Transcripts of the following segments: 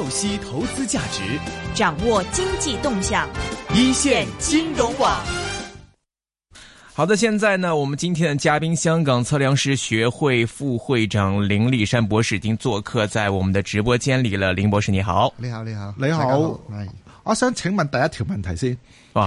透析投資價值，掌握經濟動向，一線金融網。好的，現在呢，我們今天的嘉賓，香港測量師學會副會長林力山博士，已經做客在我們的直播間裏了。林博士，你好！你好，你好，你好。好，我想請問第一條問題先。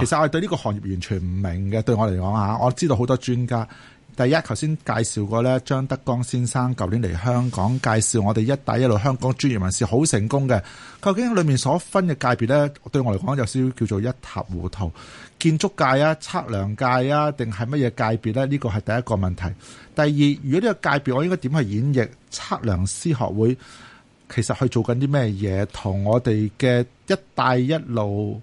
其實我對呢個行業完全唔明嘅，對我嚟講，我知道好多專家。第一，頭先介紹過咧，張德江先生舊年嚟香港介紹我哋一帶一路香港專業人士好成功嘅。究竟裏面所分嘅界別咧，對我嚟講有少少叫做一塌糊塗。建築界啊，測量界啊，定係乜嘢界別咧？呢個係第一個問題。第二，如果呢個界別，我應該點去演繹測量師學會其實去做緊啲咩嘢，同我哋嘅一帶一路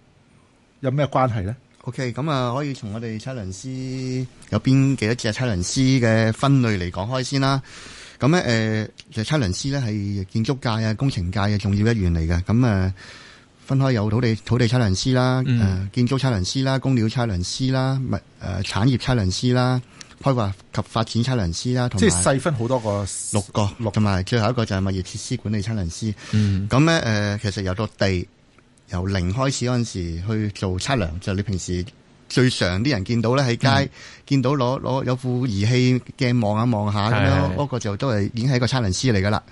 有咩關係咧？OK，咁啊，可以從我哋測量師有邊幾多隻測量師嘅分類嚟講開先啦。咁咧，誒，測量師咧係建築界啊、工程界嘅重要一員嚟嘅。咁誒，分開有土地土地測量師啦，誒、嗯，建築測量師啦，工料測量師啦，物誒產業測量師啦，規劃及發展測量師啦，同即係細分好多個六個，六同埋最後一個就係物業設施管理測量師。嗯。咁咧，誒、呃，其實有個地。由零開始嗰陣時去做測量，就係、你平時最常啲人見到咧喺街、嗯、見到攞攞有副儀器鏡望下望下咁樣，嗰個是的 就都係已經係一個測量師嚟噶啦。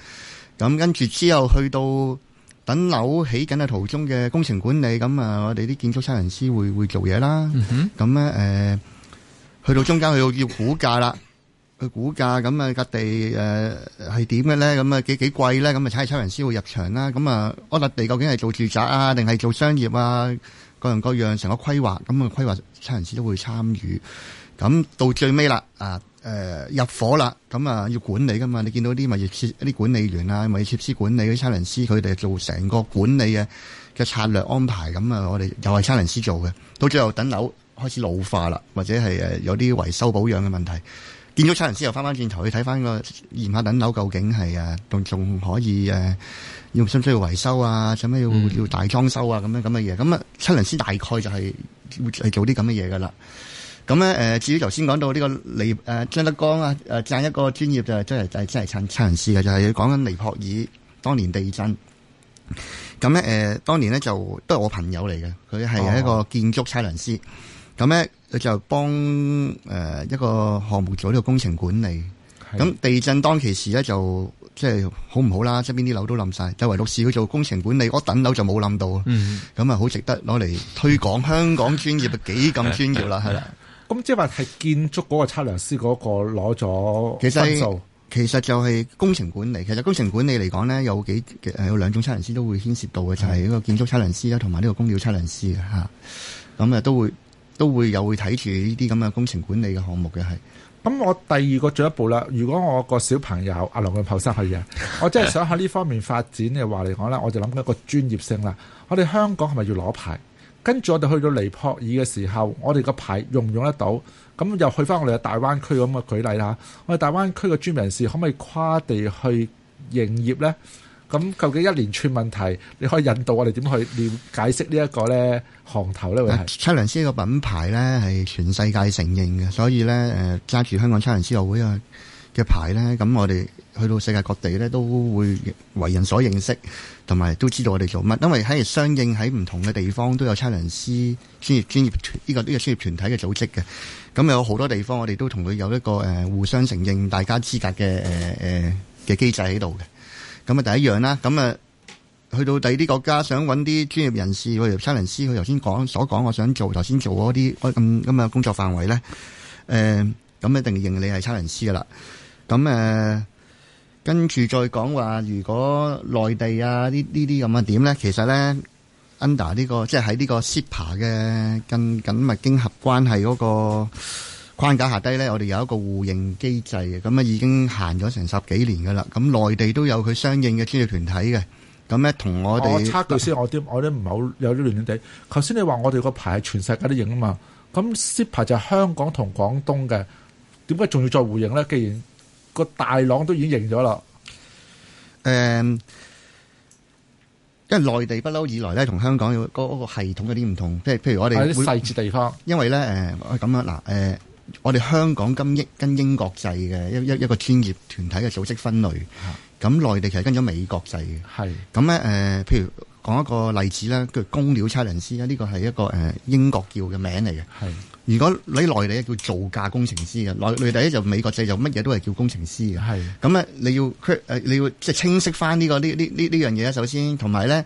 咁跟住之後去到等樓起緊嘅途中嘅工程管理，咁啊我哋啲建築測量師會會做嘢啦。咁咧誒，去到中間去要估價啦。佢估價咁啊，個地誒係點嘅咧？咁啊幾幾貴呢？咧？咁啊，測測量師會入場啦。咁啊，安立地究竟係做住宅啊，定係做商業啊？各樣各樣成個規劃，咁啊規劃，測量師都會參與。咁到最尾啦，啊入伙啦，咁啊要管理噶嘛？你見到啲物業設啲管理員啊，物業設施管理嘅測量師佢哋做成個管理嘅嘅策略安排。咁啊，我哋又係測量師做嘅。到最後等樓開始老化啦，或者係有啲維修保養嘅問題。建築測量師又翻翻轉頭去睇翻個驗下等樓究竟係啊，仲仲可以誒，要需唔需要維修啊？使咩要要大裝修啊？咁、嗯、樣咁嘅嘢，咁啊測量師大概就係會係做啲咁嘅嘢噶啦。咁咧誒，至於頭先講到呢、這個李誒張、啊、德剛啊誒贊、啊、一個專業就係真係就係真係測測量師嘅，就係講緊尼泊爾當年地震。咁咧誒，當年呢就都係我朋友嚟嘅，佢係一個建築測量師。咁、哦、咧。啊佢就幫誒一個項目做呢個工程管理，咁地震當其時咧就即係好唔好啦，周邊啲樓都冧晒，就為律師去做工程管理，我、那個、等樓就冇冧到，咁啊好值得攞嚟推廣香港專業幾咁專業啦，係、嗯、啦。咁即係話係建築嗰個測量師嗰個攞咗分數，其實就係工程管理。其實工程管理嚟講咧，有幾有兩種測量師都會牽涉到嘅，就係、是、呢個建築測量師啦，同埋呢個工料測量師吓，咁啊、嗯、都會。都會有會睇住呢啲咁嘅工程管理嘅項目嘅係咁。我第二個進一步啦。如果我個小朋友阿龍嘅後生去啊，我真係想喺呢方面發展嘅話嚟講咧，我就諗緊一個專業性啦。我哋香港係咪要攞牌？跟住我哋去到尼泊爾嘅時候，我哋個牌用唔用得到？咁又去返我哋嘅大灣區咁嘅舉例啦。我哋大灣區嘅專業人士可唔可以跨地去營業咧？咁究竟一連串問題，你可以引導我哋點去解釋呢一個咧行頭呢？會係測量師呢個品牌咧係全世界承認嘅，所以咧誒揸住香港測量師學會啊嘅牌咧，咁我哋去到世界各地咧都會為人所認識，同埋都知道我哋做乜，因為喺相應喺唔同嘅地方都有測量師專業、專業呢個、呢個專業團體嘅組織嘅，咁有好多地方我哋都同佢有一個誒互相承認大家資格嘅誒誒嘅機制喺度嘅。咁啊第一樣啦，咁啊去到第二啲國家想搵啲專業人士，例如差人師，佢頭先講所講，我想做頭先做嗰啲咁咁嘅工作範圍咧，誒、呃、咁一定認你係差人師噶啦。咁誒跟住再講話，如果內地啊呢呢啲咁嘅點咧，其實咧 under 呢、這個即係喺呢個 CEPA 嘅更緊密經合關係嗰、那個。框架下低呢，我哋有一個互認機制嘅，咁啊已經行咗成十幾年噶啦。咁內地都有佢相應嘅專業團體嘅，咁呢，同我哋我插句先，我啲我啲唔係好有啲亂亂地。頭先你話我哋個牌係全世界都認啊嘛，咁 s i p 牌就係香港同廣東嘅，點解仲要再互認呢？既然個大朗都已經認咗啦，誒、嗯，因為內地不嬲以來呢，同香港嗰個系統有啲唔同，即係譬如我哋有啲細節地方，因為呢，誒咁樣嗱誒我哋香港跟英跟英國制嘅一一一個專業團體嘅組織分類，咁內地其實跟咗美國制嘅。咁咧、呃，譬如講一個例子啦，叫工料測量師啊，呢個係一個、呃、英國叫嘅名嚟嘅。如果你內地叫造價工程師嘅，內內地就美國制就乜嘢都係叫工程師嘅。咁咧，你要、呃、你要即係清晰翻、呢、呢個呢呢呢呢樣嘢首先同埋咧，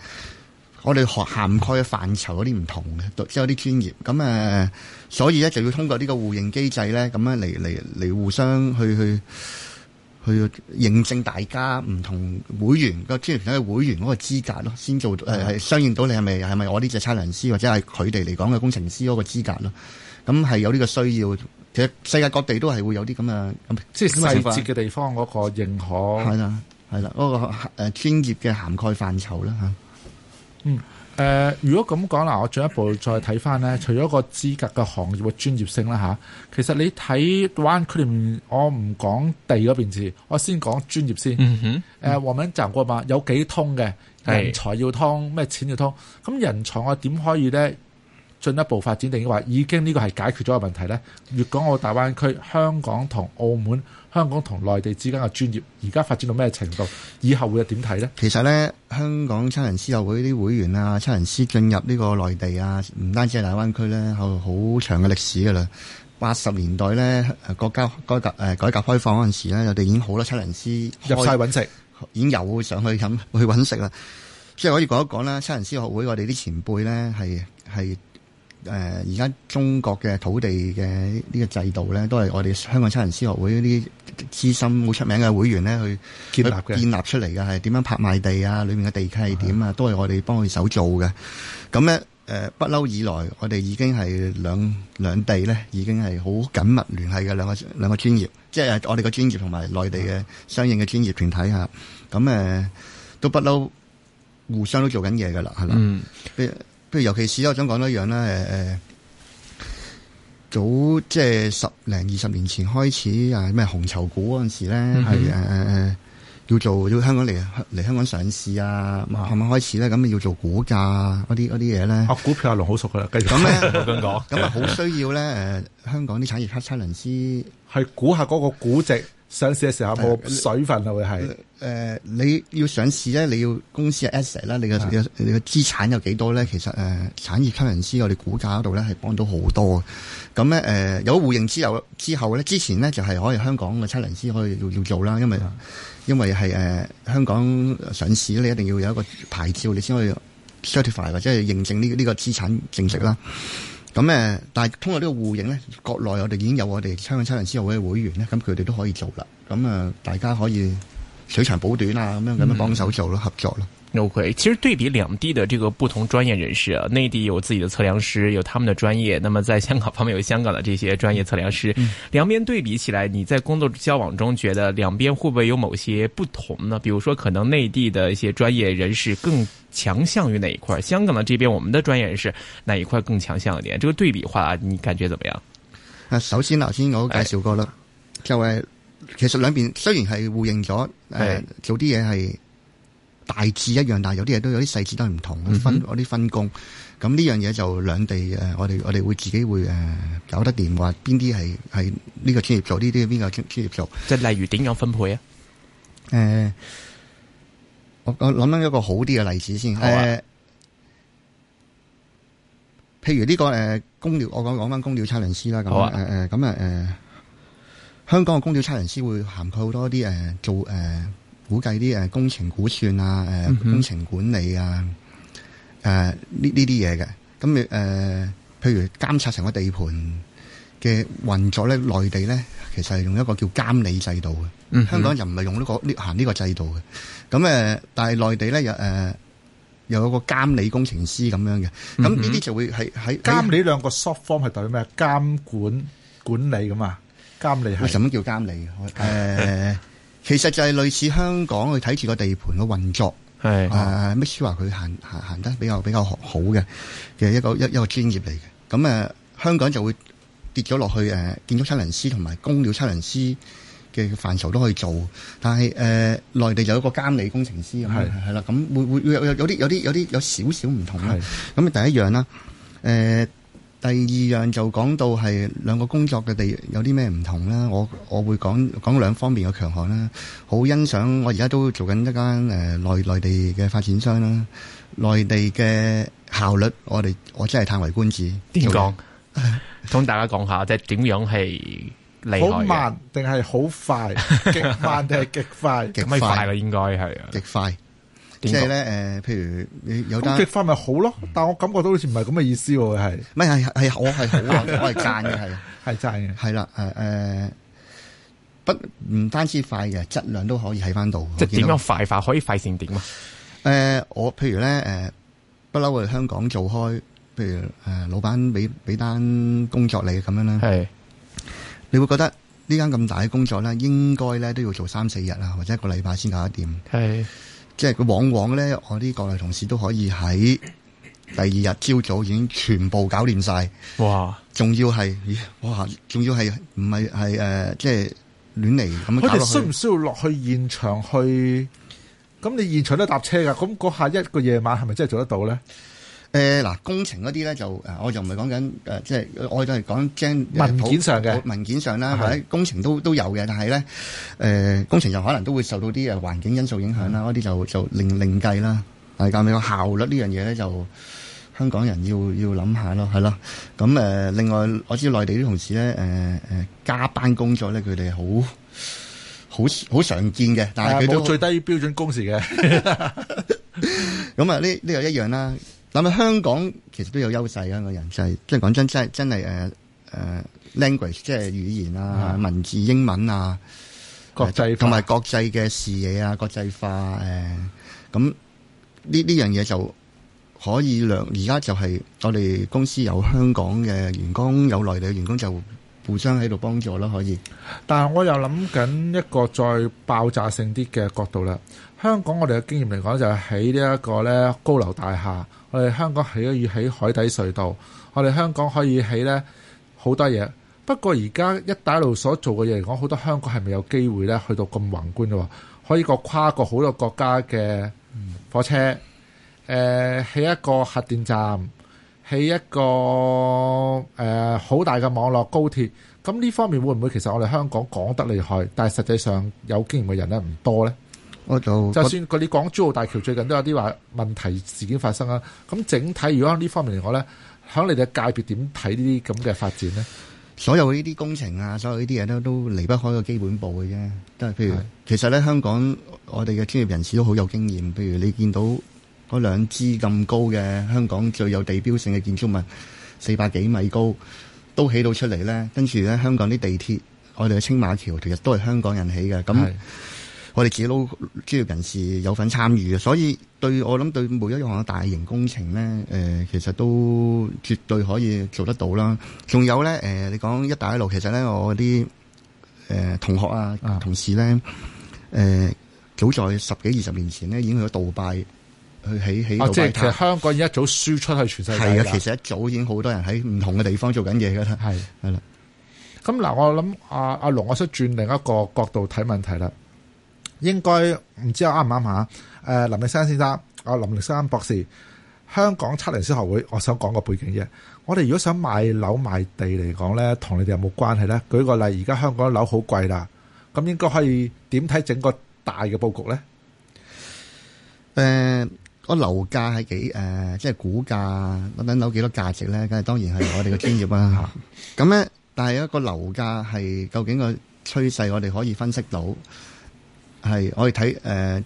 我哋學涵蓋嘅範疇有啲唔同嘅，即、就、係、是、有啲專業咁誒。所以咧就要通過呢個互認機制咧，咁樣嚟嚟嚟互相去去去認證大家唔同會員個專業團體會員嗰、嗯呃、個,個資格咯，先做相應到你係咪係咪我呢隻測量師或者係佢哋嚟講嘅工程師嗰個資格咯。咁係有呢個需要。其實世界各地都係會有啲咁嘅，即係細節嘅地方嗰個認可。係啦，係啦，嗰、那個專專業嘅涵蓋範疇啦嚇嗯。誒、呃，如果咁講嗱，我進一步再睇翻咧，除咗個資格個行業個專業性啦吓，其實你睇灣區入面，我唔講地嗰邊字，我先講專業先。嗯哼。誒、呃，黃敏站過話有幾通嘅人才要通，咩錢要通，咁人才我點可以咧？進一步發展定話已經呢個係解決咗嘅問題咧？粵港澳大灣區、香港同澳門、香港同內地之間嘅專業，而家發展到咩程度？以後會點睇呢？其實咧，香港測量師學會啲會員啊，測量師進入呢個內地啊，唔單止係大灣區咧，係好長嘅歷史噶啦。八十年代咧，國家改革誒改革開放嗰陣時咧，我哋已經好多測量師入晒揾食，已經有上去咁去揾食啦。即係可以講一講啦，測量師學會我哋啲前輩咧係係。係係誒而家中國嘅土地嘅呢個制度咧，都係我哋香港親人師學會啲資深好出名嘅會員咧，去建立的建立出嚟嘅，係點樣拍賣地啊，裏面嘅地契係點啊，是的都係我哋幫佢手做嘅。咁咧誒，不、呃、嬲以來，我哋已經係兩兩地咧，已經係好緊密聯繫嘅兩個兩個專業，即係我哋嘅專業同埋內地嘅相應嘅專業團體嚇。咁誒、嗯呃、都不嬲互相都做緊嘢㗎啦，係啦。嗯譬如，尤其係，我想講多一樣啦。誒、呃、誒，早即係十零二十年前開始啊，咩紅籌股嗰陣時咧，係誒誒要做要香港嚟嚟香港上市啊，慢慢開始咧，咁要做股價嗰啲嗰啲嘢咧。呢啊，股票阿龍好熟㗎啦，繼續講。咁咧，我想講，咁啊，好需要咧誒、呃，香港啲產業級差人師係估下嗰個估值。上市嘅時候，有冇水分就會係誒，你要上市咧，你要公司嘅 asset 啦，你嘅你嘅資產有幾多咧？其實誒、呃，產業測量師我哋估價嗰度咧係幫到好多咁咧誒，有互認之後之後咧，之前呢，就係可以香港嘅測量師可以要要做啦，因為是因為係誒、呃、香港上市你一定要有一個牌照，你先可以 certify 或者係認證呢呢個資產正值啦。咁、嗯、誒，但係通過個戶型呢個互應咧，國內我哋已經有我哋香港測量師學會嘅會員咧，咁佢哋都可以做啦。咁誒，大家可以取長補短啊，咁樣咁樣幫手做咯、嗯，合作咯。OK，其實對比兩地嘅這個不同專業人士啊，內地有自己嘅測量師，有他們嘅專業。那麼在香港方面有香港嘅這些專業測量師，兩、嗯、邊對比起來，你在工作交往中覺得兩邊會唔會有某些不同呢？比如說，可能內地的一些專業人士更。強項於哪一塊？香港呢？這邊我們的專業人士哪一塊更強項一點？這個對比話，你感覺怎麼樣？啊，首先頭先我介紹過啦、哎，就係其實兩邊雖然係互認咗，誒、哎呃，做啲嘢係大致一樣，但係有啲嘢都有啲細節都係唔同。分我啲、嗯、分工，咁呢樣嘢就兩地誒，我哋我哋會自己會誒搞得掂，話邊啲係係呢個專業做呢啲，邊個專專業做？即係例如點樣分配啊？誒、呃。我我諗翻一個好啲嘅例子先，誒、啊呃，譬如呢、這個誒，工、呃、料我講講翻工料測量師啦，咁、呃、啊，誒、呃，咁、呃、啊，誒、呃，香港嘅工料測量師會涵蓋好多啲誒、呃，做誒、呃，估計啲誒工程估算啊，誒、呃，工程管理啊，誒、呃，呢呢啲嘢嘅，咁誒、呃，譬如監察成個地盤嘅運作咧，內地咧，其實係用一個叫監理制度嘅、嗯，香港人唔係用呢、這個呢行呢個制度嘅。咁誒，但係內地咧又誒，又、呃、有個監理工程師咁樣嘅，咁呢啲就會係喺監理兩個 soft form 係代表咩？監管管理咁啊，監理係。什麼叫監理？誒、 呃，其實就係類似香港去睇住個地盤嘅運作，係啊，Mr 話，佢行行行得比較比較好嘅嘅一個一個一個專業嚟嘅。咁誒、呃，香港就會跌咗落去誒、呃，建築測量師同埋工料測量師。嘅範疇都可以做，但係誒、呃、內地有一個監理工程師係係啦，咁會會有有啲有啲有啲有少少唔同啦。咁第一樣啦，誒、呃、第二樣就講到係兩個工作嘅地有啲咩唔同咧？我我會講講兩方面嘅強項啦。好欣賞我而家都做緊一間誒內內地嘅發展商啦，內地嘅效率，我哋我真係歎為觀止。點講？同大家講下，即係點樣係？好慢定係好快？極慢定係極快？咁 快咯，應該係極快。即係咧，誒、呃，譬如有單。極快咪好咯，嗯？但我感覺到好似唔係咁嘅意思，係唔係係係我係好， 我係讚嘅，係係真嘅，係啦，誒、呃、誒，不唔單止快嘅，質量都可以喺翻度。即係點樣快法，可以快成點啊？誒、呃，我譬如咧，誒、呃，不嬲我哋香港做開，譬如誒、呃，老闆俾俾單工作你咁樣啦。係。你會覺得呢間咁大嘅工作咧，應該咧都要做三四日啊，或者一個禮拜先搞得掂。係，即係佢往往咧，我啲國內同事都可以喺第二日朝早已經全部搞掂晒。哇！仲要係哇，仲要係唔係係誒，即係亂嚟咁樣搞。佢哋需唔需要落去現場去？咁你現場都搭車噶，咁嗰下一個夜晚係咪真係做得到咧？誒，嗱，工程嗰啲咧就，我就唔係講緊，誒、呃，即係我都係講將文件上嘅文件上啦，或者工程都都有嘅，但係咧，誒、呃，工程又可能都會受到啲誒環境因素影響啦，嗰、嗯、啲就就另另計啦。但係咁，你個效率呢樣嘢咧，就香港人要要諗下咯，係咯。咁誒、呃，另外我知道內地啲同事咧，誒、呃、誒、呃，加班工作咧，佢哋好好好常見嘅，但係佢都最低標準工時嘅 咁啊，呢呢又一樣啦。嗱，香港其實都有優勢啊！個人就係即係講真，真係真係誒誒 language，即係語言啊、嗯、文字英文啊、國際同埋、呃、國際嘅視野啊、國際化，誒咁呢呢樣嘢就可以量。而家就係我哋公司有香港嘅員工，有內地嘅員工就。互相喺度幫助啦，可以。但係我又諗緊一個再爆炸性啲嘅角度啦。香港我哋嘅經驗嚟講，就係喺呢一個咧高樓大廈，我哋香港起可以喺海底隧道，我哋香港可以起咧好多嘢。不過而家一帶路所做嘅嘢嚟講，好多香港係咪有機會咧去到咁宏觀嘅？可以個跨過好多國家嘅火車，誒、嗯，起、呃、一個核電站。起一個誒好、呃、大嘅網絡高鐵，咁呢方面會唔會其實我哋香港講得厲害，但係實際上有經驗嘅人咧唔多咧。我就就算佢你講港珠澳大橋最近都有啲話問題事件發生啊。咁整體如果喺呢方面嚟講咧，喺你哋嘅界別點睇呢啲咁嘅發展咧？所有呢啲工程啊，所有呢啲嘢咧都離不開個基本步嘅啫。都係譬如，其實咧香港我哋嘅專業人士都好有經驗。譬如你見到，嗰兩支咁高嘅香港最有地標性嘅建築物，四百幾米高都起到出嚟呢，跟住咧，香港啲地鐵，我哋嘅青馬橋，其實都係香港人起嘅。咁我哋自己都專業人士有份參與嘅，所以對我諗對每一項大型工程呢，誒、呃、其實都絕對可以做得到啦。仲有呢，誒、呃、你講一帶一路，其實呢，我啲誒、呃、同學啊，啊、同事呢，誒、呃、早在十幾二十年前咧已經去咗杜拜。去起起。起啊、即係其實香港一早輸出去全世界。係啊，其實一早已經好多人喺唔同嘅地方做緊嘢噶啦。係係啦。咁嗱，我諗阿阿龍，我想轉、啊啊、另一個角度睇問題啦。應該唔知我啱唔啱吓？誒、呃，林力山先生，阿、啊、林力山博士，香港測量師學會，我想講個背景啫。我哋如果想賣樓賣地嚟講咧，同你哋有冇關係咧？舉個例，而家香港嘅樓好貴啦，咁應該可以點睇整個大嘅布局咧？誒、呃。個樓價係幾誒、呃，即係估價，等樓幾多價值咧？梗係當然係我哋嘅專業啦、啊。咁 咧、嗯，但係一個樓價係究竟個趨勢，我哋可以分析到，係我哋睇誒，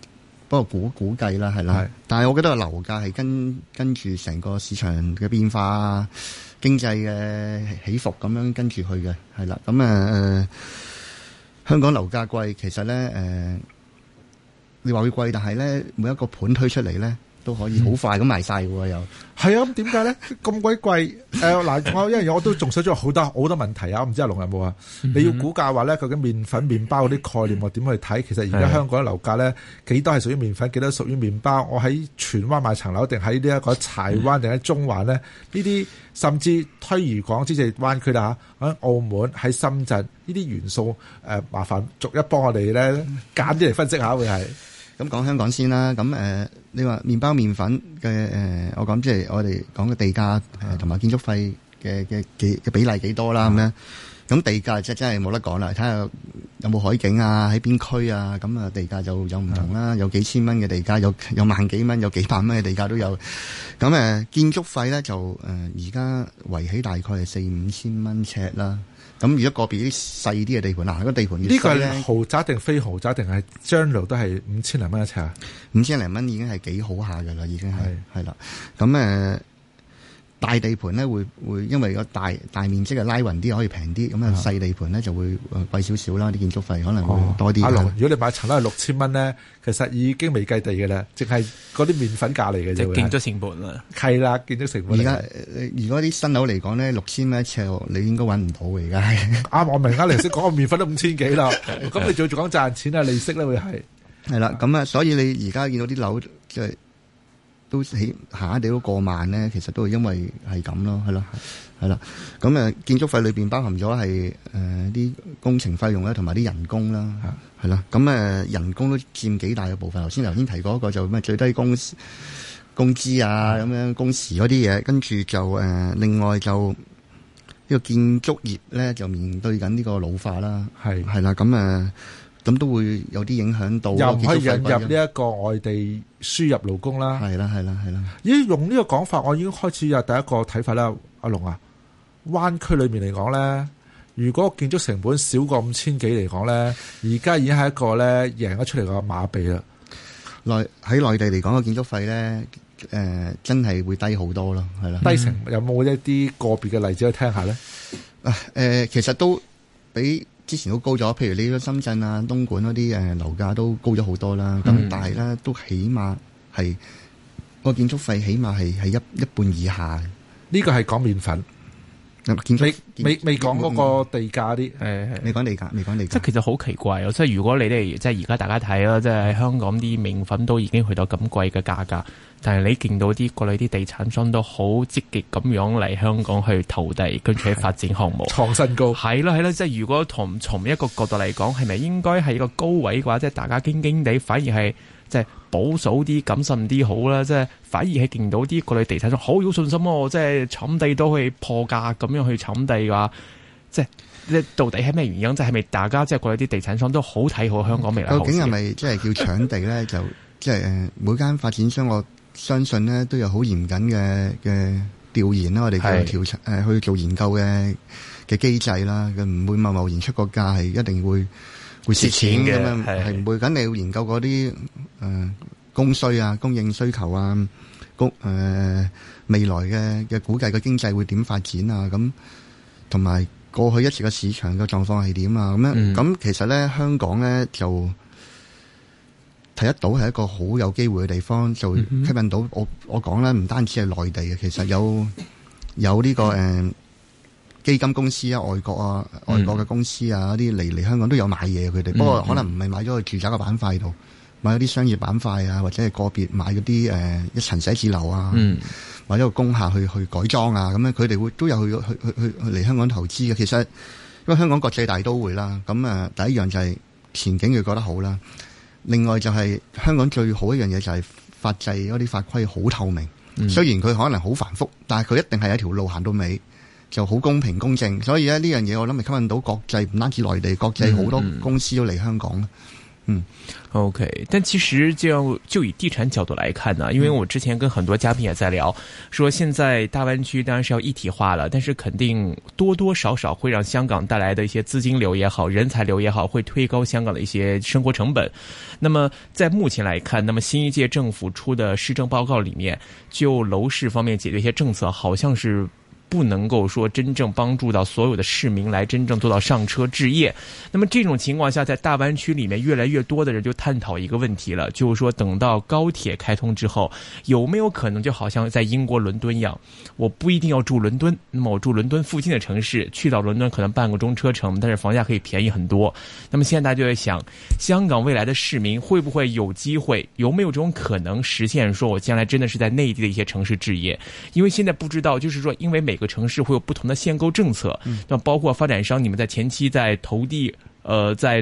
不過估估計啦，係啦。但係我覺得個樓價係跟跟住成個市場嘅變化啊，經濟嘅起伏咁樣跟住去嘅，係啦。咁、嗯、誒、呃，香港樓價貴，其實咧誒、呃，你話佢貴，但係咧每一個盤推出嚟咧。都可以好快咁賣晒喎又，係啊，咁點解咧？咁鬼貴誒嗱！ 呃、因為我一樣我都仲想咗好多好多問題啊！我唔知阿龍有冇啊、嗯？你要估價話咧，佢嘅麵粉、麵包嗰啲概念我點去睇、嗯？其實而家香港嘅樓價咧，幾多係屬於麵粉，幾多屬於麵包？我喺荃灣買層樓，定喺呢一個柴灣，定、嗯、喺中環咧？呢啲甚至推移港之際灣區啦吓、喺澳門、喺深圳呢啲元素、呃、麻煩逐一幫我哋咧揀啲嚟分析下會係。咁講香港先啦，咁誒、呃、你話麵包、麵粉嘅誒、呃，我講即係我哋講嘅地價同埋、呃、建築費嘅嘅幾嘅比例幾多啦咁咁、嗯、地價即真係冇得講啦，睇下有冇海景啊，喺邊區啊，咁啊地價就有唔同啦、嗯，有幾千蚊嘅地價，有有萬幾蚊，有幾百蚊嘅地價都有。咁誒、呃、建築費咧就誒而家圍起大概係四五千蚊尺啦。咁而家個別啲細啲嘅地盤嗱，嗰個地盤呢個係豪宅定非豪宅定係將來都係五千零蚊一尺啊？五千零蚊已經係幾好下㗎啦，已經係係啦。咁誒是。大地盤咧會會，會因為個大大面積嘅拉勻啲，可以平啲。咁、嗯、啊細地盤咧就會貴少少啦，啲建築費可能會多啲、哦啊啊。如果你買層樓係六千蚊咧，其實已經未計地嘅啦，淨係嗰啲麵粉價嚟嘅啫。建築成本啦，係啦，建築成本。而家而家啲新樓嚟講呢，六千蚊一尺，你應該揾唔到而家。啊，我明，係啱啱先講個麵粉都五千幾啦，咁 你仲仲講賺錢啊利息咧會係。係啦，咁啊，啊，所以你而家見到啲樓就係、係。都起下下地都過萬呢，其實都係因為係咁咯，係啦係啦。咁、啊、建築費裏面包含咗係啲工程費用咧，同埋啲人工啦，係啦。咁、啊啊、人工都佔幾大嘅部分。頭先頭先提過一個就咩最低工資工資啊，咁樣工時嗰啲嘢，跟住就、呃、另外就呢、呢個建築業咧就面對緊呢個老化啦，係係啦，咁咁都會有啲影響到。又唔可以引入呢一個外地輸入勞工啦。係啦，係啦，係啦。咦？用呢個講法，我已經開始有第一個睇法啦，阿龍啊，灣區裏面嚟講咧，如果建築成本少過五千幾嚟講咧，而家已經係一個咧贏得出嚟個馬鼻啦。喺內地嚟講嘅建築費咧，真係會低好多咯，係啦。低、嗯、成有冇一啲個別嘅例子去聽下咧？啊，其實都比。之前都高咗，譬如你去深圳啊、東莞嗰啲誒樓價都高咗好多啦。咁、嗯、但係咧，都起碼係個建築費起碼係係一一半以下。呢個係講麵粉。你未未講嗰個地價啲，誒、嗯，未講地價，未講地價。即係其實好奇怪，即係如果你哋即係而家大家睇啦，即係香港啲麵粉都已經去到咁貴嘅價格，但係你見到啲國內啲地產商都好積極咁樣嚟香港去投地，跟住喺發展項目創新高。係啦係啦，即係如果同從一個角度嚟講，係咪應該係一個高位嘅話？即係大家驚驚地，反而係。即係保守啲、謹慎啲好啦，即係反而係見到啲國內地產商好有信心喎，即係搶地都去破價咁樣去搶地㗎，即係到底係咩原因？即係係咪大家即係嗰啲地產商都好睇好香港未來究竟係咪即係叫搶地咧？ 就即係每間發展商，我相信呢都有好嚴謹嘅嘅調研啦，我哋做調查去做研究嘅嘅機制啦，佢唔會貿貿然出個價，係一定會。會蝕錢嘅，係唔會？咁你要研究嗰啲誒供需啊、供應需求啊、供誒未來嘅嘅估計嘅經濟會點發展啊？咁同埋過去一次嘅市場嘅狀況係點啊？咁樣，咁其實咧，香港咧就睇得到係一個好有機會嘅地方，就吸引到我。我講咧，唔單止係內地嘅，其實有有呢個誒。基金公司啊，外國啊，外國嘅公司啊，一啲嚟嚟香港都有買嘢，佢、嗯、哋不過可能唔係買咗去住宅嘅板塊度，買咗啲商業板塊啊，或者係個別買嗰啲誒一層寫字樓啊，或、嗯、者個工廈去去改裝啊，咁咧佢哋會都有去去去去嚟香港投資嘅。其實因為香港國際大都會啦，咁啊第一樣就係前景佢覺得好啦。另外就係香港最好一樣嘢就係法制，嗰啲法規好透明，嗯、雖然佢可能好繁複，但係佢一定係有一條路行到尾。就好公平公正，所以呢，呢樣嘢，我諗係吸引到國際唔單止內地，國際好多公司都嚟香港。嗯，嗯，嗯，OK。但其實就就以地產角度來看呢，因為我之前跟很多嘉賓也在聊，嗯，說現在大灣區當然是要一體化了，但是肯定多多少少會讓香港帶來的一些資金流也好，人才流也好，會推高香港的一些生活成本。那麼在目前來看，那麼新一屆政府出的施政報告裏面，就樓市方面解決一些政策，好像是。不能夠說真正幫助到所有的市民來真正做到上車置業。那麼這種情況下，在大灣區裡面越來越多的人就探討一個問題了，就是說等到高鐵開通之後，有沒有可能就好像在英國倫敦一樣，我不一定要住倫敦，那麼我住倫敦附近的城市，去到倫敦可能半個鐘車程，但是房價可以便宜很多。那麼現在大家就在想，香港未來的市民會不會有機會，有沒有這種可能實現？說我將來真的是在內地的一些城市置業，因為現在不知道，就是說因為每每個城市會有不同的限購政策，那包括發展商，你們在前期在投地，呃，在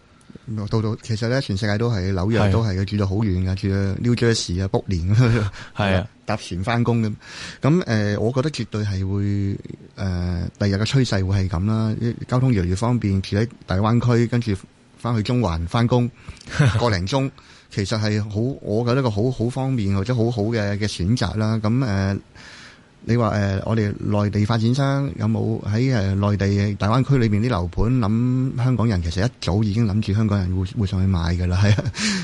到到，其實咧，全世界都係，紐約都係住到好遠嘅，住 New Jersey 啊、Book 年係啊，搭船翻工咁。咁誒、呃，我覺得絕對係會誒，第日嘅趨勢會係咁啦。交通越嚟越方便，住喺大灣區，跟住翻去中環翻工個零鐘，其實係好，我覺得一個好好方便或者好好嘅嘅選擇啦。咁誒。呃你話誒、呃，我哋內地發展商有冇喺誒內地大灣區裏邊啲樓盤諗香港人？其實一早已經諗住香港人會，會上去買嘅啦，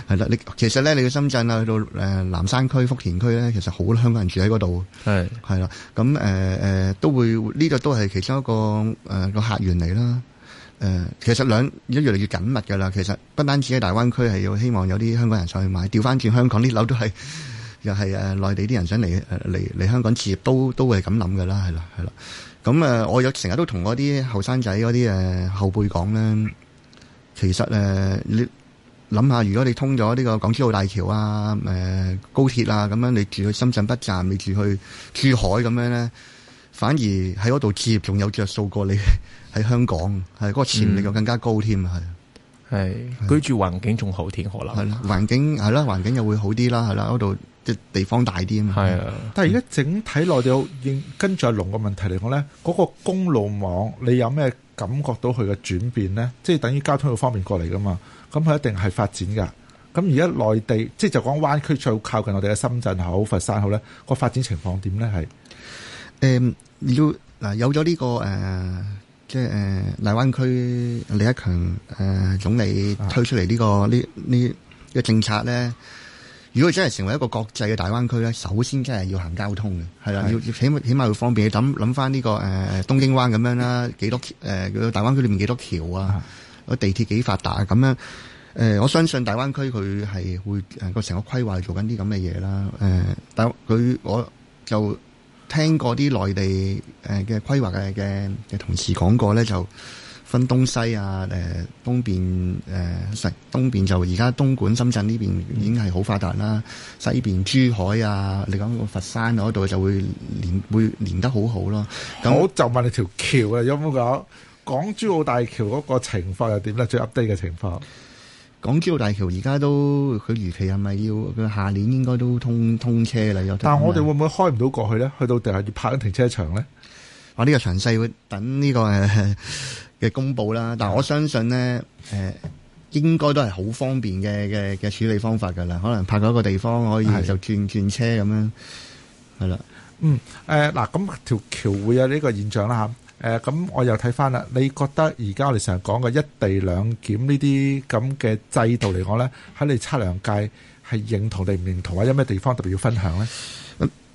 係啦。你其實呢，你去深圳啊，去到、呃、南山區、福田區呢，其實好多香港人住喺嗰度。係係啦，咁、嗯、誒、呃、都會呢個都係其中一個誒、呃、個客源嚟啦、呃。其實兩而家越嚟越緊密㗎啦。其實不單止喺大灣區係要希望有啲香港人上去買，調翻轉香港啲樓都係。就係誒，內地啲人想嚟嚟嚟香港置業，都都係咁諗嘅啦，係啦，係啦。咁誒，我有成日都同我啲後生仔嗰啲誒後輩講咧，其實誒，你諗下，如果你通咗呢個港珠澳大橋啊、誒高鐵啊，咁樣你住去深圳北站，你住去珠海咁樣咧，反而喺嗰度置業仲有着數過你喺香港，係嗰個潛力又更加高添，係係居住環境仲好啲，可能係啦，環境係啦，環境又會好啲啦，係啦，嗰度。地方大啲嘛，係啊！但係而家整體內地應跟住阿龍個問題嚟講咧，嗰、那個公路網你有咩感覺到佢嘅轉變咧？即係等於交通嘅方面過嚟噶嘛？咁佢一定係發展噶。咁而家內地即係就講灣區最靠近我哋嘅深圳口、佛山口咧，那個發展情況點咧？係、嗯、誒要嗱，有咗呢、這個誒，即係誒大灣區李克強誒、呃、總理推出嚟呢、這個呢呢嘅政策咧。如果真係成為一個國際嘅大灣區咧，首先真係要行交通嘅，係啦，要要起碼起碼要方便。你諗諗翻呢個誒、呃、東京灣咁樣啦，幾多誒、呃？大灣區裏面幾多橋啊？個地鐵幾發達咁樣誒、呃？我相信大灣區佢係會誒、呃、個成個規劃做緊啲咁嘅嘢啦。誒、呃，但佢我就聽過啲內地誒嘅規劃嘅嘅嘅同事講過咧，就。分東西啊！誒、呃，東邊誒西，東邊就而家東莞、深圳呢邊已經係好發達啦。西邊珠海啊，你講個佛山嗰度就會連會連得好好咯。咁我就問你條橋啊，有冇講港珠澳大橋嗰個情況又點咧？最 update 嘅情況，港珠澳大橋而家都佢預期係咪要佢下年應該都通通車啦？但係我哋會唔會開唔到過去咧？去到地下日要泊緊停車場咧？我、哦、呢、這個詳細會等呢、這個嘅公布啦，但係我相信呢，誒、呃、應該都係好方便嘅嘅嘅處理方法噶啦，可能泊咗一個地方可以就轉轉、啊、車咁樣，係啦。嗯，誒、呃、嗱，咁條橋會有、啊、呢、這個現象啦吓。誒、呃，咁我又睇翻啦，你覺得而家我哋成日講嘅一地兩檢呢啲咁嘅制度嚟講呢？喺 你測量界係認同定唔認同啊？有咩地方特別要分享呢？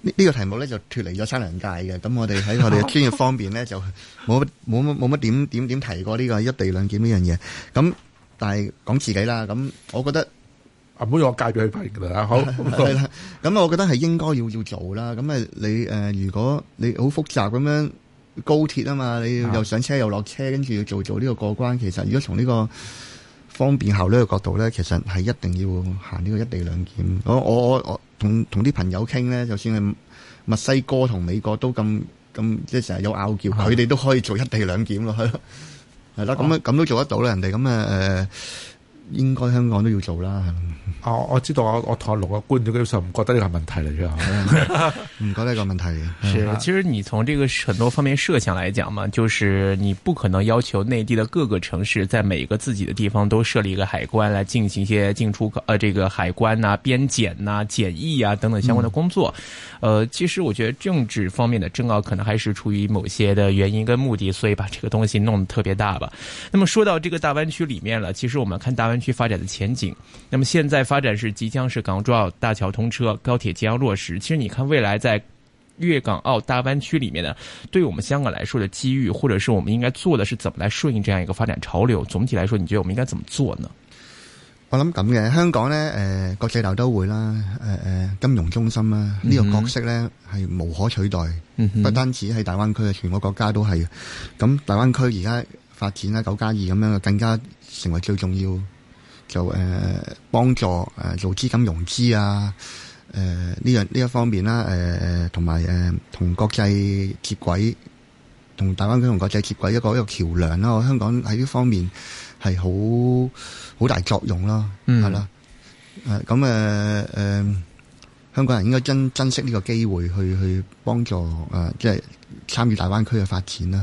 呢、這個題目咧，就脫離咗測量界嘅，咁我哋喺我哋專業方面咧，就冇冇冇冇乜點點點提過呢個一地兩檢呢樣嘢。咁但係講自己啦，咁我覺得啊，唔好意思，我介俾去發言啦，好啦，咁 我覺得係應該要要做啦，咁啊你誒、呃、如果你好複雜咁樣高鐵啊嘛，你要又上車又落車，跟住要做做呢個過關，其實如果從呢個方便效率嘅角度咧，其實係一定要行呢個一地兩檢，我我我。我同同啲朋友傾咧，就算係墨西哥同美國都咁咁， 即係成日有拗撬，佢哋 都可以做一地兩檢咯，係咯，係啦，咁 樣咁都做得到啦，人哋咁啊誒。呃應該香港都要做啦。啊、我我知道我我同阿龍嘅觀點基本上唔覺得呢 個問題嚟嘅，唔覺得呢個問題嘅。其實，如果你從這個很多方面設想來講嘛，就是你不可能要求內地的各個城市在每個自己的地方都設立一個海關，來進行一些進出口，呃，這個海關啊、邊檢啊、檢疫啊等等相關的工作。嗯、呃，其實我覺得政治方面的政告可能還是出於某些的原因跟目的，所以把這個東西弄得特別大吧。那麼，說到這個大灣區裡面了，其實我們看大灣區。去發展的前景，那麼現在發展是即將是港珠澳大橋通車，高鐵即將落實。其實你看未來在粵港澳大灣區裡面呢，對我們香港來說的機遇，或者是我們應該做的是怎麼來順應這樣一個發展潮流？總體來說，你覺得我們應該怎麼做呢？我諗咁嘅，香港呢誒，國、呃、際大都會啦，誒、呃、誒，金融中心啦、啊，呢、這個角色呢係無可取代，嗯、不單止喺大灣區嘅，全國國家都係。咁大灣區而家發展啦九加二咁樣更加成為最重要。就誒幫助誒做資金融資啊，誒、呃、呢樣，呢一方面啦，誒同埋誒同國際接軌同大灣區同國際接軌一個一個橋樑啦。我香港喺呢方面係好好大作用咯，係、嗯、啦。誒咁誒誒，香港人應該珍珍惜呢個機會去去幫助誒，即係參與大灣區嘅發展啦。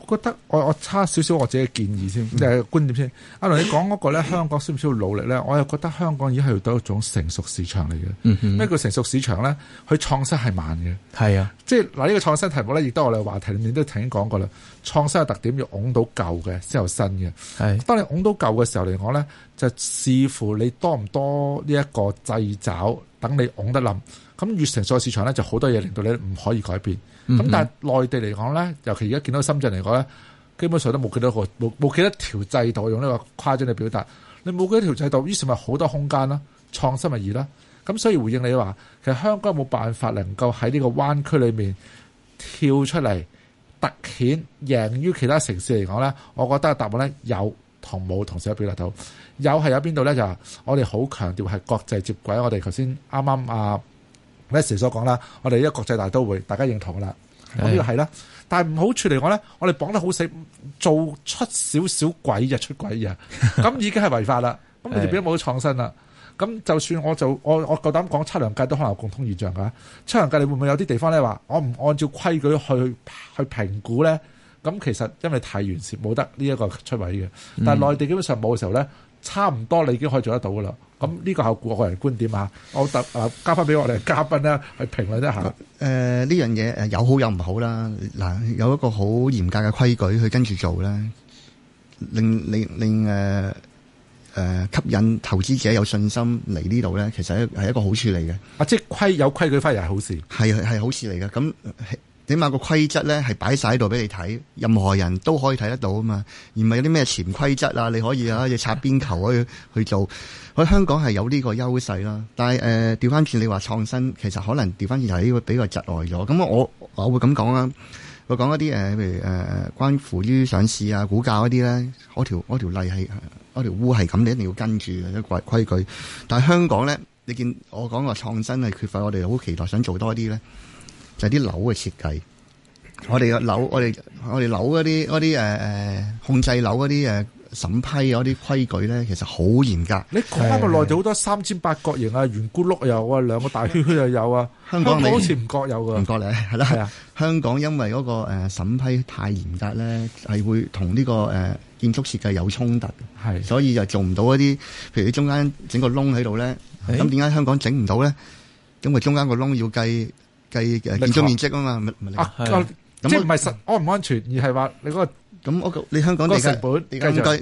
覺得我我差少少我自己嘅建議先，即誒、嗯、觀點先。阿龍你講嗰、那個咧，香港需唔需要努力咧？我又覺得香港已經係到一種成熟市場嚟嘅。咩、嗯、哼叫成熟市場咧？佢創新係慢嘅。係啊，即係嗱，呢、這個創新題目咧，亦都係我哋話題裡面都曾經講過啦。創新嘅特點要揾到舊嘅先有新嘅。係是，當你揾到舊嘅時候嚟講咧，就視乎你多唔多呢一個掣肘。等你擁得冧，咁越成熟嘅市場咧就好多嘢令到你唔可以改變。咁、嗯、但係內地嚟講咧，尤其而家見到深圳嚟講咧，基本上都冇幾多個冇冇幾多條制度，用呢個誇張嘅表達，你冇幾多條制度，於是咪好多空間啦，創新咪易啦。咁所以回應你話，其實香港有冇辦法能夠喺呢個灣區裏面跳出嚟突顯贏於其他城市嚟講咧，我覺得嘅答案咧有。同冇同時都表達到，有係有邊度咧？就是、我哋好強調係國際接軌，我哋頭先啱啱阿 Les 所講啦，我哋一、啊呃、個國際大都會，大家認同啦。咁呢個係啦，但係唔好處嚟講咧，我哋綁得好死，做出少少鬼就出鬼嘢，咁已經係違法啦。咁你就變咗冇得創新啦。咁 就算我就我我夠膽講，測量界都可能有共通現象㗎。測量界你會唔會有啲地方咧話，我唔按照規矩去去評估咧？咁其實因為太完善冇得呢一個出位嘅，但內地基本上冇嘅時候咧，差唔多你已經可以做得到噶啦。咁呢個係個人觀點啊，我得啊交翻俾我哋嘉賓啦去評論一下。誒、呃、呢樣嘢有好有唔好啦。嗱有一個好嚴格嘅規矩去跟住做咧，令令令誒、呃、吸引投資者有信心嚟呢度咧，其實係一個好處嚟嘅。啊，即係有規矩翻又係好事，係係好事嚟嘅。咁。起碼個規則咧係擺晒喺度俾你睇，任何人都可以睇得到啊嘛，而唔係有啲咩潛規則啊，你可以啊，你擦邊球可以去做。佢香港係有呢個優勢啦，但係誒調翻轉你話創新，其實可能調翻轉係呢個比較窒礙咗。咁我我會咁講啊，我講一啲誒，譬如誒，關乎於上市啊、股價嗰啲咧，我條我條例係我條烏係咁，你一定要跟住嘅規規矩。但係香港咧，你見我講個創新係缺乏，我哋好期待想做多啲咧。就啲、係、樓嘅設計，我哋嘅樓，我哋我哋樓嗰啲嗰啲誒誒控制樓嗰啲誒審批嗰啲規矩咧，其實好嚴格。你講啊，內地好多三尖八角形啊，圓咕碌又有啊，兩個大圈圈又有啊。香港好似唔覺有噶，唔覺咧，係啦係啊。香港因為嗰個誒審批太嚴格咧，係會同呢個誒建築設計有衝突，係所以就做唔到一啲，譬如中間整個窿喺度咧。咁點解香港整唔到咧？因為中間個窿要計。計嘅建築面積啊嘛、啊，即係唔係，實安唔安全，而係話你嗰、嗰個咁我、OK, 你香港地價，咁貴，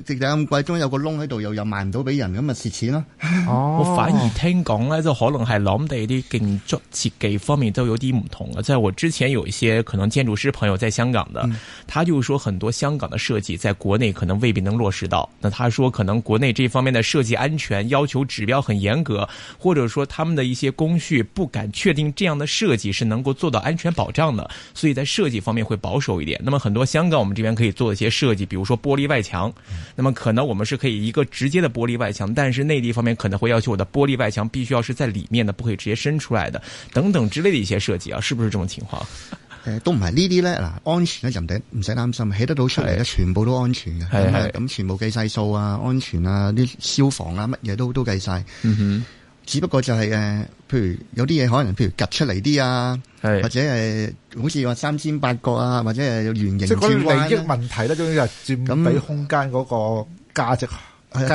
地價咁貴，中有個窿喺度，又又賣唔到俾人，咁咪蝕錢咯、啊。哦、我反而聽講呢，就可能係內地啲建築設計方面都有啲唔同。啊。在我之前有一些可能建築師朋友在香港嘅，他就說很多香港嘅設計在國內可能未必能落實到。那他說可能國內這方面的設計安全要求指標很嚴格，或者說他們的一些工序不敢確定這樣的設計是能夠做到安全保障的，所以在設計方面會保守一點。那麼很多香港，我們這邊可以做。有些設計，比如說玻璃外牆、嗯，那麼可能我們是可以一個直接的玻璃外牆，但是內地方面可能會要求我的玻璃外牆必須要是在裏面的，不可以直接伸出來的，等等之類的一些設計啊，是不是這種情況？呃、都唔係呢啲呢。安全咧，就唔使唔使擔心，起得到出嚟全部都安全嘅。咁、嗯、全部計晒數啊，安全啊，啲消防啦、啊，乜嘢都都計晒。嗯只不過就係、是、誒，譬如有啲嘢，可能，譬如凸出嚟啲啊，或者係好似話三尖八角啊，或者係有圓形轉彎，利益問題咧，終於係佔比空間嗰個價值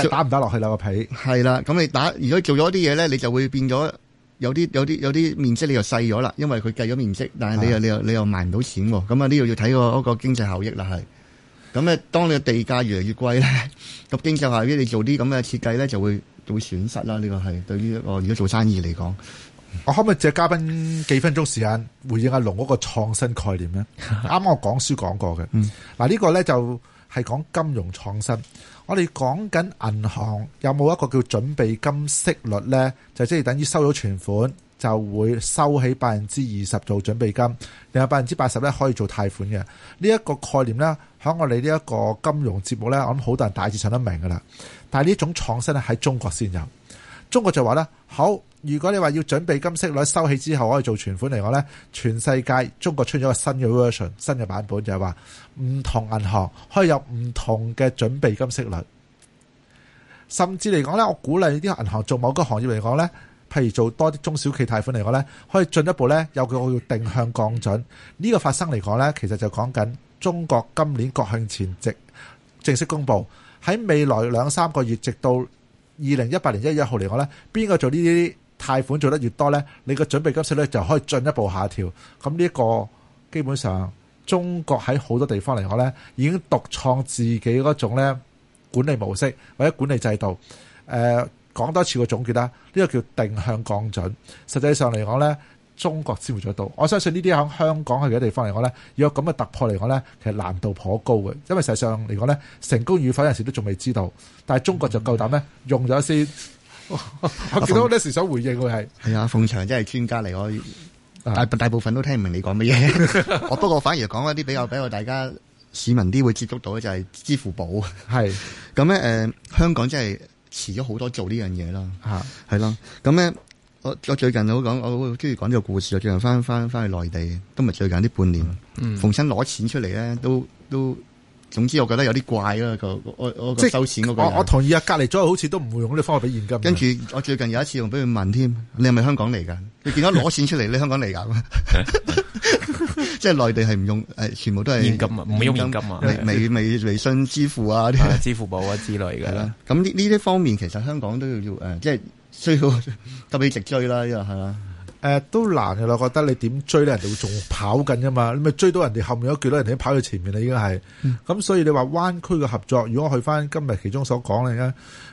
打唔打落去啦，個皮。係啦，咁你打，如果做咗啲嘢咧，你就會變咗有啲有啲有啲面積你又細咗啦，因為佢計咗面積，但係你又你又你又賣唔到錢，咁啊呢度又要睇個嗰個經濟效益啦係。咁咧，當你嘅地價越嚟越貴咧，咁經濟效益你做啲咁嘅設計咧，就會。會損失啦，呢個係對於一個如果做生意嚟講，我可唔可以借嘉賓幾分鐘時間回應阿龍嗰個創新概念呢？啱啱我講書講過嘅，嗱 呢個呢就係、是、講金融創新。我哋講緊銀行有冇一個叫準備金息率呢？就即、是、係等於收咗存款就會收起百分之二十做準備金，另外百分之八十呢可以做貸款嘅。呢、這、一個概念呢。喺我哋呢一個金融節目呢，我諗好多人大致上得明噶啦。但係呢種創新呢喺中國先有，中國就話呢：好，如果你話要準備金息率收起之後，可以做存款嚟講呢，全世界中國出咗個新嘅 version，新嘅版本就係話唔同銀行可以有唔同嘅準備金息率，甚至嚟講呢，我鼓勵呢啲銀行做某個行業嚟講呢。譬如做多啲中小企貸款嚟講呢，可以進一步呢有佢去定向降準。呢、這個發生嚟講呢，其實就講緊中國今年國慶前夕正式公布，喺未來兩三個月，直到二零一八年一月一號嚟講呢，邊個做呢啲貸款做得越多呢，你個準備金率呢就可以進一步下調。咁呢一個基本上，中國喺好多地方嚟講呢，已經獨創自己嗰種呢，管理模式或者管理制度，誒、呃。講多次個總結啦，呢個叫定向降準。實際上嚟講咧，中國先做到。我相信呢啲喺香港去嘅地方嚟講咧，有咁嘅突破嚟講咧，其實難度頗高嘅。因為實際上嚟講咧，成功與否有時都仲未知道。但係中國就夠膽咧，用咗先。嗯哦、我見到好多時想回應，會係係啊，鳳翔真係專家嚟，我大大，大部分都聽唔明你講乜嘢。啊、 我不過反而講一啲比較比較大家市民啲會接觸到嘅就係、是、支付寶係。咁咧、嗯呃、香港真係。遲咗好多做呢樣嘢啦，係咯、啊，咁咧，我我最近好講，我好中意講呢個故事。最近翻翻翻去內地，都唔係最近呢半年，嗯、逢親攞錢出嚟咧，都都。總之我覺得有啲怪啦，個我我即收錢嗰個，我同意啊。隔籬左右好似都唔會用呢啲方法俾現金。跟住我最近有一次用俾佢問添，你係咪香港嚟噶？你點解攞錢出嚟 你香港嚟噶？ 即係內地係唔用誒，全部都係現金啊，唔用現金啊，微微微信支付啊，啲、 啊、支付寶啊之類嘅。咁呢呢啲方面，其實香港都要要誒、啊，即係需要特別直追啦，因為係啦。誒都難嘅咯，我覺得你點追咧？人哋會仲跑緊噶嘛，你咪追到人哋後面有幾多人哋跑去前面啦，已經係。咁、嗯、所以你話灣區嘅合作，如果去翻今日其中所講咧，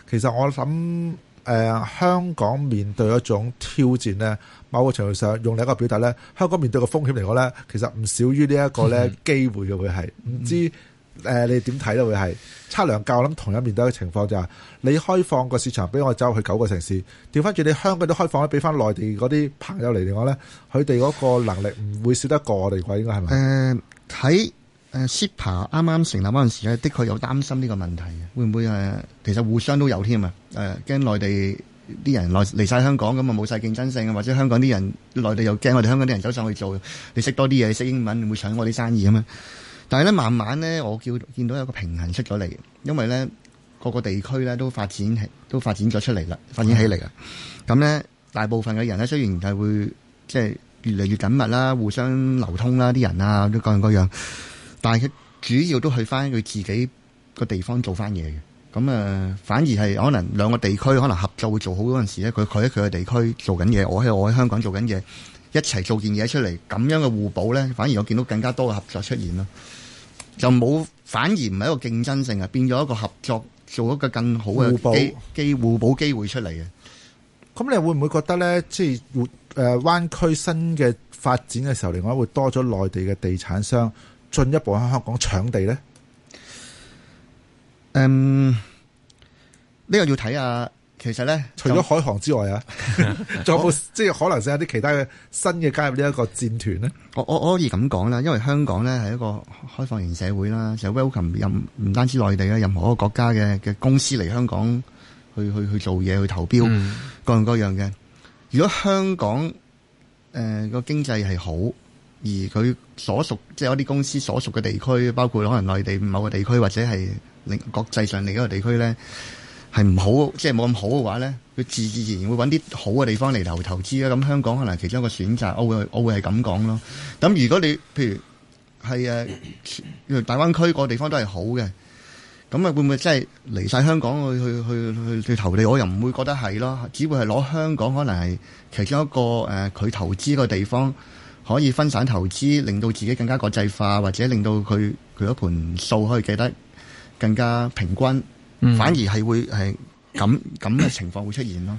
其實我諗誒、呃、香港面對一種挑戰咧，某個程度上用另一個表達咧，香港面對嘅風險嚟講咧，其實唔少於呢一個咧機會嘅、嗯、會係，唔知。嗯誒、呃，你點睇咧？會係測量教，我諗同樣面對一個情況就係，你開放個市場俾我走去九個城市，調翻轉你香港都開放咧，俾翻內地嗰啲朋友嚟嘅話咧，佢哋嗰個能力唔會少得過我哋啩？應該係咪？誒，喺誒 CEPA 啱啱成立嗰陣時咧，的確有擔心呢個問題嘅，會唔會誒、呃？其實互相都有添啊！誒、呃，驚內地啲人嚟晒香港咁啊，冇晒競爭性，或者香港啲人內地又驚我哋香港啲人走上去做，你識多啲嘢，你識英文你會搶我啲生意咁樣。但係咧，慢慢咧，我叫見到有個平衡出咗嚟，因為咧各個地區咧都發展起，都發展咗出嚟啦，發展起嚟啦。咁、嗯、咧，大部分嘅人咧，雖然係會即係越嚟越緊密啦，互相流通啦，啲人啊，都各樣各樣。但係佢主要都去翻佢自己個地方做翻嘢嘅。咁啊，反而係可能兩個地區可能合作會做好嗰陣時咧，佢喺佢嘅地區做緊嘢，我喺我喺香港做緊嘢，一齊做件嘢出嚟，咁樣嘅互補咧，反而我見到更加多嘅合作出現咯。就冇，反而唔係一個競爭性啊，變咗一個合作，做一個更好嘅機機互補機會出嚟嘅。咁、嗯、你會唔會覺得咧，即係活誒，灣、呃、區新嘅發展嘅時候另外會多咗內地嘅地產商進一步喺香港搶地咧？誒、嗯、呢、這個要睇下。其實咧，除咗海航之外啊，仲 有，有即係可能性有啲其他嘅新嘅加入呢一個戰團咧。我我我可以咁講啦，因為香港咧係一個開放型社會啦，就是、welcome 任唔單止內地啊，任何一個國家嘅嘅公司嚟香港去去去做嘢去投標、嗯，各樣各樣嘅。如果香港誒個、呃、經濟係好，而佢所屬即係有啲公司所屬嘅地區，包括可能內地某個地區或者係另國際上另一個地區咧。係唔好，即係冇咁好嘅話呢，佢自自然然會揾啲好嘅地方嚟投投資。咁香港可能其中一個選擇，我會我會係咁講咯。咁如果你譬如係誒、啊，大灣區個地方都係好嘅，咁啊會唔會真係離晒香港去去去去去投？你我又唔會覺得係咯，只會係攞香港可能係其中一個誒，佢、呃、投資個地方可以分散投資，令到自己更加國際化，或者令到佢佢嗰盤數可以記得更加平均。反而係會係咁咁嘅情況會出現咯。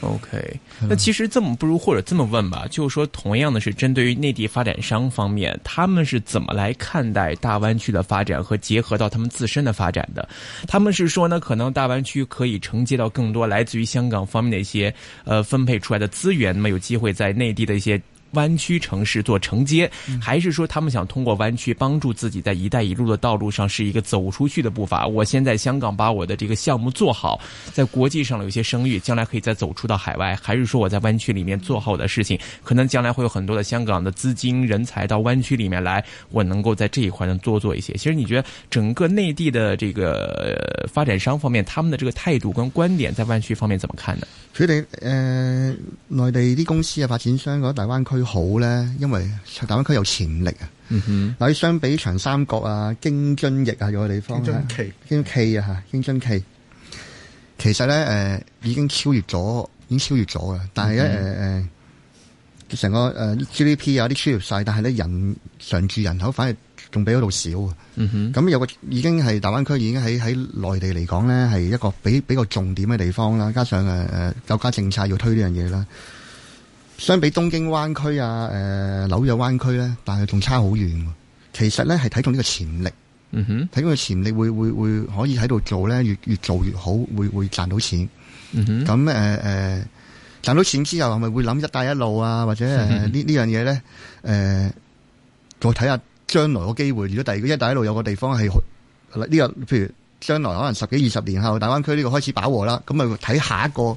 OK，那其實這麼不如或者這麼問吧，就說同樣的是針對於內地發展商方面，他們是怎麼來看待大灣區的發展和結合到他們自身的發展的？他們是說呢，可能大灣區可以承接到更多來自於香港方面的一些，呃，分配出來的資源，那麼有機會在內地的一些。灣區城市做承接，還是說他們想通過灣區幫助自己在“一帶一路”的道路上是一個走出去的步伐？我先在香港把我的這個項目做好，在國際上有些聲譽，將來可以再走出到海外，還是說我在灣區裏面做好我的事情，可能將來會有很多的香港的資金、人才到灣區裏面來，我能夠在這一塊能多做一些。其實你覺得整個內地的這個發展商方面，他們的這個態度跟觀點在灣區方面怎麼看呢？佢哋誒，內、呃、地啲公司啊，發展商嗰大灣區。好咧，因為大灣區有潛力啊。嗱、嗯，相比長三角啊、京津冀啊，有個地方京津冀、啊吓，京津冀其實咧，誒已經超越咗，已經超越咗噶。但係咧，誒、嗯、誒，成、呃、個誒 GDP 啊啲超越晒，但係咧，人常住人口反而仲比嗰度少。嗯哼，咁有個已經係大灣區，已經喺喺內地嚟講咧，係一個比比較重點嘅地方啦。加上誒誒，有、呃、家政策要推呢樣嘢啦。相比東京灣區啊，誒、呃、紐約灣區咧，但係仲差好遠。其實咧係睇重呢個潛力，嗯哼，睇重個潛力會會會可以喺度做咧，越越做越好，會會賺到錢，嗯哼。咁誒誒賺到錢之後係咪會諗一帶一路啊，或者、嗯、呢呢樣嘢咧，誒、呃，再睇下將來嘅機會。如果第二個一帶一路有個地方係呢、呢個譬如將來可能十幾二十年後大灣區呢個開始飽和啦，咁啊睇下一個。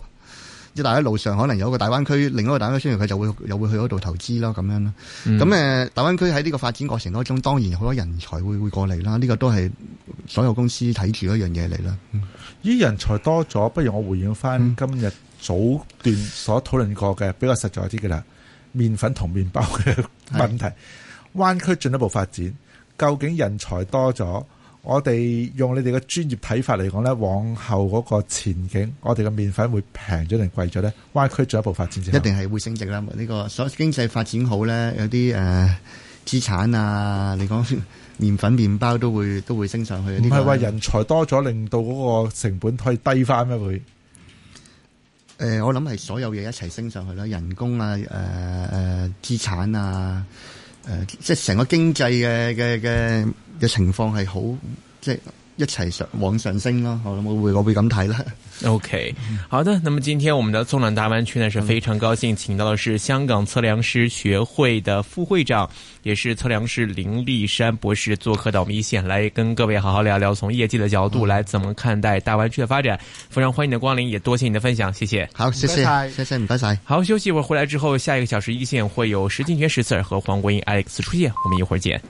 即係喺路上，可能有一個大灣區，另一個大灣區商業，雖然佢就會又會去嗰度投資咯，咁樣啦咁誒，大灣區喺呢個發展過程當中，當然好多人才會會過嚟啦。呢、這個都係所有公司睇住一樣嘢嚟啦。依、嗯、人才多咗，不如我回應翻今日早段所討論過嘅、嗯、比較實在啲嘅啦，麵粉同麵包嘅問題，灣區進一步發展，究竟人才多咗？我哋用你哋嘅專業睇法嚟講咧，往後嗰個前景，我哋嘅麵粉會平咗定貴咗咧？灣區進一步發展之後，一定係會升值啦。呢個所經濟發展好咧，有啲誒資產啊，uh, 你講麵粉麵包都會都會升上去。唔係話人才多咗，令到嗰個成本可以低翻咩？會誒，我諗係所有嘢一齊升上去啦，人工啊，誒誒，資產啊，誒，即係成個經濟嘅嘅嘅。The, the… 嘅情況係好，即、就、係、是、一齊上往上升咯。我諗我會我會咁睇啦。OK，好的，那麼，今天我們的縱覽大灣區呢是非常高興，請到的是香港測量師學會的副會長，也是測量師林力山博士做客到我們一線，來跟各位好好聊聊從業績的角度來，怎麼看待大灣區的發展。非常歡迎你的光臨，也多謝你的分享，謝謝。好，謝謝，謝謝唔該晒。好休息，我回來之後下一個小時一線會有石敬泉、石 Sir 和黃國英 Alex 出現，我們一會兒見。